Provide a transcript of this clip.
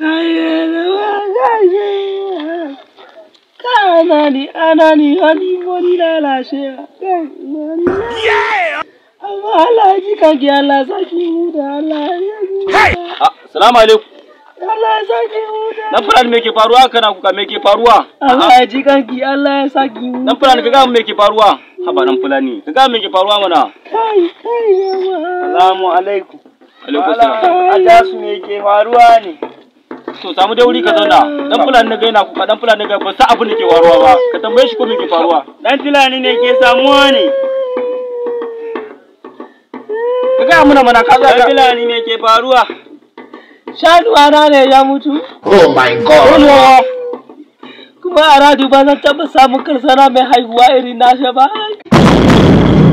Anani, anani, hani mori lalashewa. Yeah! Amma Allah ya ji kage Allah saki huda Allah ya ji. Hey! Assalamu alaikum. Allah ya saki huda. Nan fulani me ke faruwa kana kuka me ke faruwa? Allah ya ji ala Allah ya saki huda. Nan fulani ka ga me ke faruwa? Haba nan fulani. Ka ga me ke faruwa mana? Kai kai jama'a. Assalamu alaikum. Alaikum assalam. Allah su me ke faruwa ne? to samu dai wuri ka zauna dan fulani na yana kuka dan fulani ga ba sa abin da ke waruwa ba ka tambaye shi ko me ke faruwa dan fulani ne ke samuwa ne ka ga muna mana ka ga dan fulani ne ke faruwa shadu na ne ya mutu oh my god kuma a radu ba zan taba samun karsana mai haihuwa irin nasha ba